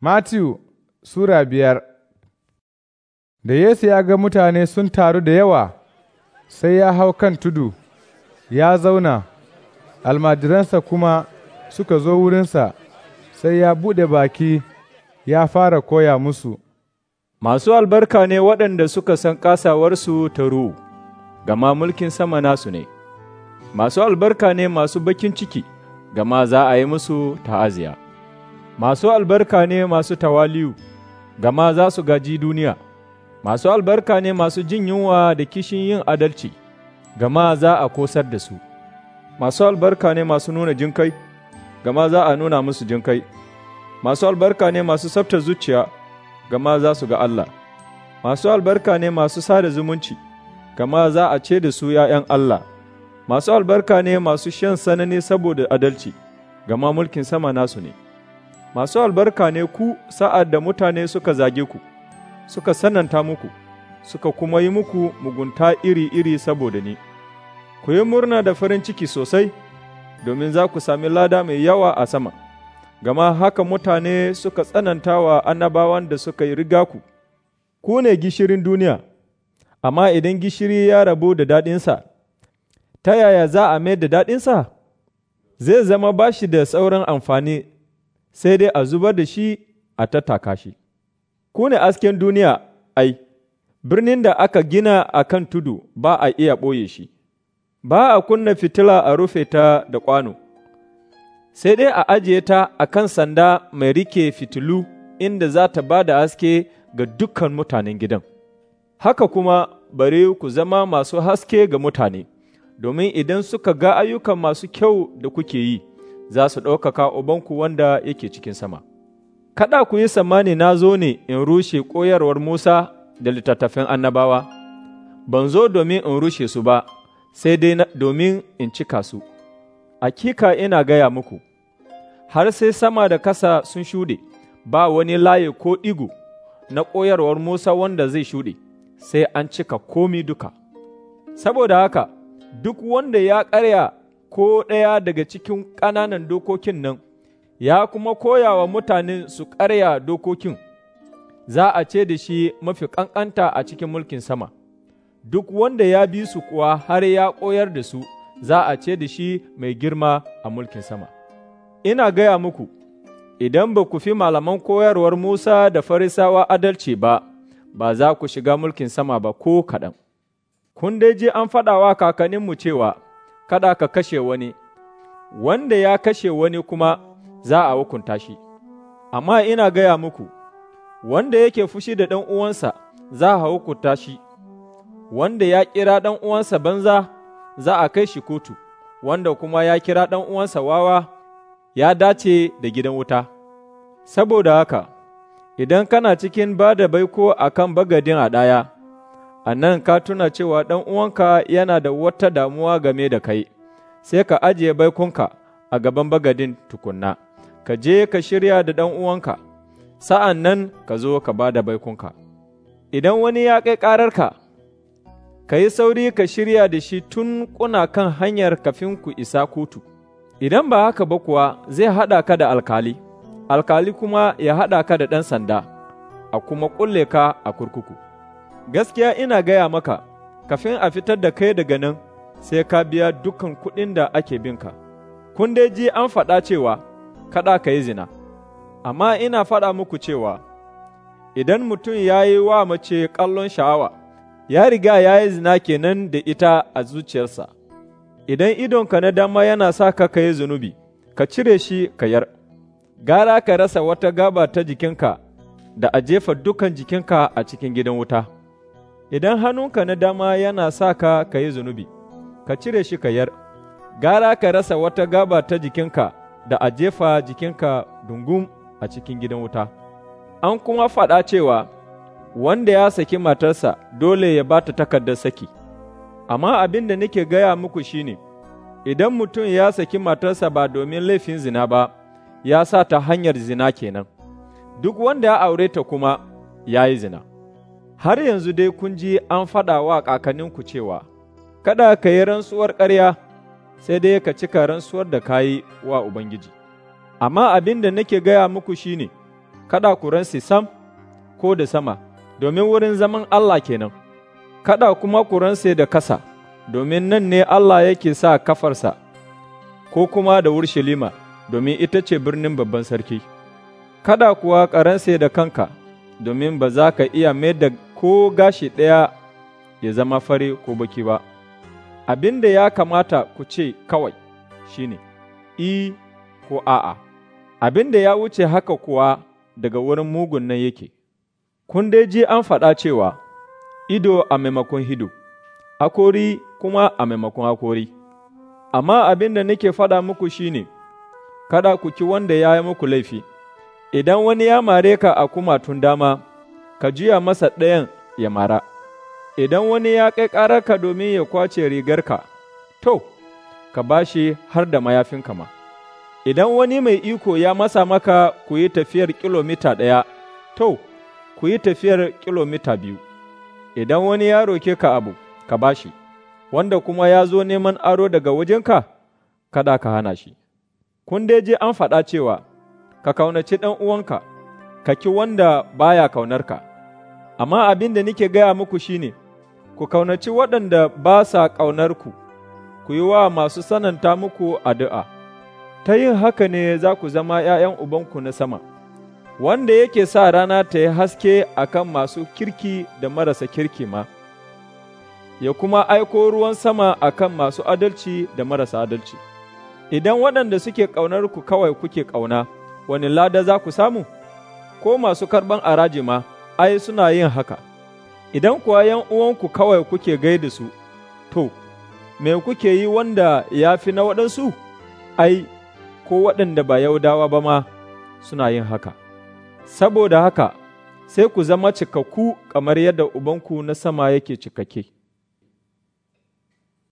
Matiyu Sura biyar Da Yesu ya ga mutane sun taru da yawa, sai ya hau kan tudu, ya zauna, almajiransa kuma suka zo wurinsa, sai ya buɗe baki ya fara koya musu. Masu albarka ne waɗanda suka san kasawarsu ta ruhu, gama mulkin sama nasu ne. Masu albarka ne masu bakin ciki, gama za a yi musu ta'aziya. masu albarka ne masu tawaliyu gama za su gaji duniya, masu albarka ne masu jin yunwa da kishin yin adalci, gama za a kosar da su, masu albarka ne masu nuna jinkai, gama za a nuna musu jinkai, masu albarka ne masu tsaftar zuciya, gama za su ga Allah, masu albarka ne masu sada zumunci, gama za a ce da su ’ya'yan Allah, masu albarka ne masu shan sanani saboda adalci, gama mulkin sama nasu ne. Masu albarka ne ku sa'ad da mutane suka zage ku, suka sananta muku, suka kuma yi muku mugunta iri-iri saboda ni. Ku yi murna da farin ciki sosai, domin za ku sami lada mai yawa a sama, gama haka mutane suka tsananta wa annabawan da suka yi riga ku, ku ne gishirin duniya, amma idan gishiri ya rabu da daɗinsa, ta yaya za a mai da daɗinsa? Zai zama bashi da sauran amfani sai dai a zubar da shi a tattaka shi. Ku ne asken duniya ai, birnin da aka gina a kan tudu ba a iya ɓoye shi, ba a kunna fitila a rufe ta da kwano, sai dai a ajiye ta a kan sanda mai rike fitilu inda za ta ba da haske ga dukkan mutanen gidan. Haka kuma bari ku zama masu haske ga mutane, domin idan suka ga ayyukan masu kyau da kuke yi. za su ɗaukaka ubanku wanda yake cikin sama. Kada ku yi tsammani na zo ne in rushe koyarwar Musa da littattafin annabawa, ban zo domin in rushe su ba, sai dai domin in cika su. Akika ina gaya muku, har sai sama da kasa sun shuɗe, ba wani laye ko ɗigo na koyarwar Musa wanda zai shuɗe, sai an cika komi duka. Saboda haka, duk wanda ya ƙarya ko ɗaya daga cikin ƙananan dokokin nan, ya kuma koya wa mutane su ƙarya dokokin, za a ce da shi mafi ƙanƙanta a cikin mulkin sama. Duk wanda ya bi su kuwa har ya koyar da su, za a ce da shi mai girma a mulkin sama. Ina gaya muku, idan ba ku fi malaman koyarwar Musa da Farisawa adalci ba, ba za ku shiga mulkin sama ba ko kaɗan. Kun dai je an faɗawa kakanninmu cewa, kada ka kashe wani, wanda ya kashe wani kuma za a hukunta shi, amma ina gaya muku, wanda yake fushi da ɗan uwansa za a hukunta shi, wanda ya kira ɗan uwansa banza za a kai shi kotu, wanda kuma ya kira ɗan uwansa wawa ya dace da gidan wuta. Saboda haka, idan kana cikin ba da baiko a kan bagadin a ɗaya, a nan ka tuna cewa ɗan uwanka yana da wata damuwa game da kai, sai ka ajiye baikunka a gaban bagadin tukunna, ka je ka shirya da ɗan uwanka, sa'an nan ka zo ka ba da baikunka. Idan wani ya kai ƙararka, ka yi sauri ka shirya da shi tun kuna kan hanyar kafin ku isa kotu. Idan ba haka ba kuwa zai haɗa ka da alkali, alkali kuma ya haɗa ka da ɗan sanda, a kuma ƙulle ka a kurkuku. gaskiya ina gaya maka, kafin a fitar da kai daga nan, sai ka biya dukan kuɗin da ake binka. Kun dai ji an faɗa cewa, kaɗa ka yi zina, amma ina faɗa muku cewa, idan mutum ya yi wa mace kallon sha'awa, ya riga ya yi zina kenan da ita a zuciyarsa. Idan idonka na dama yana sa ka ka yi zunubi, ka cire shi ka yar, gara ka rasa wata gaba ta jikinka da a jefa dukan jikinka a cikin gidan wuta. idan hannunka na dama yana sa ka ka yi zunubi, ka cire shi ka yar, gara ka rasa wata gaba ta jikinka da a jefa jikinka dungum a cikin gidan wuta. An kuma faɗa cewa, wanda ya saki matarsa dole ya ba ta takardar saki, amma abin da nake gaya muku shine, idan mutum ya saki matarsa ba domin laifin zina ba, ya sa ta hanyar zina kenan, duk wanda ya aure ta kuma ya yi zina. har yanzu dai kun ji an faɗa wa kakanninku cewa, Kada ka yi rantsuwar ƙarya, sai dai ka cika rantsuwar da ka yi wa Ubangiji. Amma abin da nake gaya muku shi ne, kada ku rantsi sam ko da sama, domin wurin zaman Allah kenan. Kada kuma ku rantsi da kasa, domin nan ne Allah yake sa kafarsa, ko kuma da Urshalima, domin ita ce birnin babban sarki. Kada kuwa ka rantsi da kanka. domin ba za ka iya mai da ko gashi ɗaya ya zama fare ko baki ba. Abin da ya kamata ku ce kawai shi ne, I ko a'a, abin da ya wuce haka kuwa daga wurin mugun nan yake. Kun dai ji an faɗa cewa, Ido a maimakon hido, akori kuma a maimakon akori. Amma abin da nake faɗa muku shi ne, kada ku ki wanda ya yi muku laifi. idan wani ya mare ka a kumatun dama, ka juya masa ɗayan ya mara, idan wani ya kai ƙararka domin ya kwace rigarka, to, ka ba shi har da mayafinka ma. Idan wani mai iko ya masa maka ku yi tafiyar kilomita ɗaya, to, ku yi tafiyar kilomita biyu. Idan wani ya roke ka abu, ka ba shi, wanda kuma ya zo neman aro daga wajenka, kada ka hana shi. Kun dai je an faɗa cewa, ka kaunaci ɗan uwanka, ka ki wanda baya kaunarka. Amma abin da nike gaya muku shine, ku kaunaci waɗanda ba sa ƙaunarku, ku yi wa masu sananta muku addu'a. Ta yin haka ne za ku zama ’ya'yan Ubanku na sama, wanda yake sa rana ta yi haske a kan masu kirki da marasa kirki ma, ya kuma aiko ruwan sama a kan masu adalci da marasa adalci. Idan waɗanda suke ƙaunarku kawai kuke ƙauna, wani lada za ku samu? Ko masu karɓan araji ma, ai, suna yin haka, idan kuwa ’yan uwanku kawai kuke gaida su, to, me kuke yi wanda ya fi na waɗansu? Ai, ko waɗanda ba yaudawa ba ma suna yin haka. Saboda haka, sai ku zama cikakku kamar yadda Ubanku na sama yake cikakke.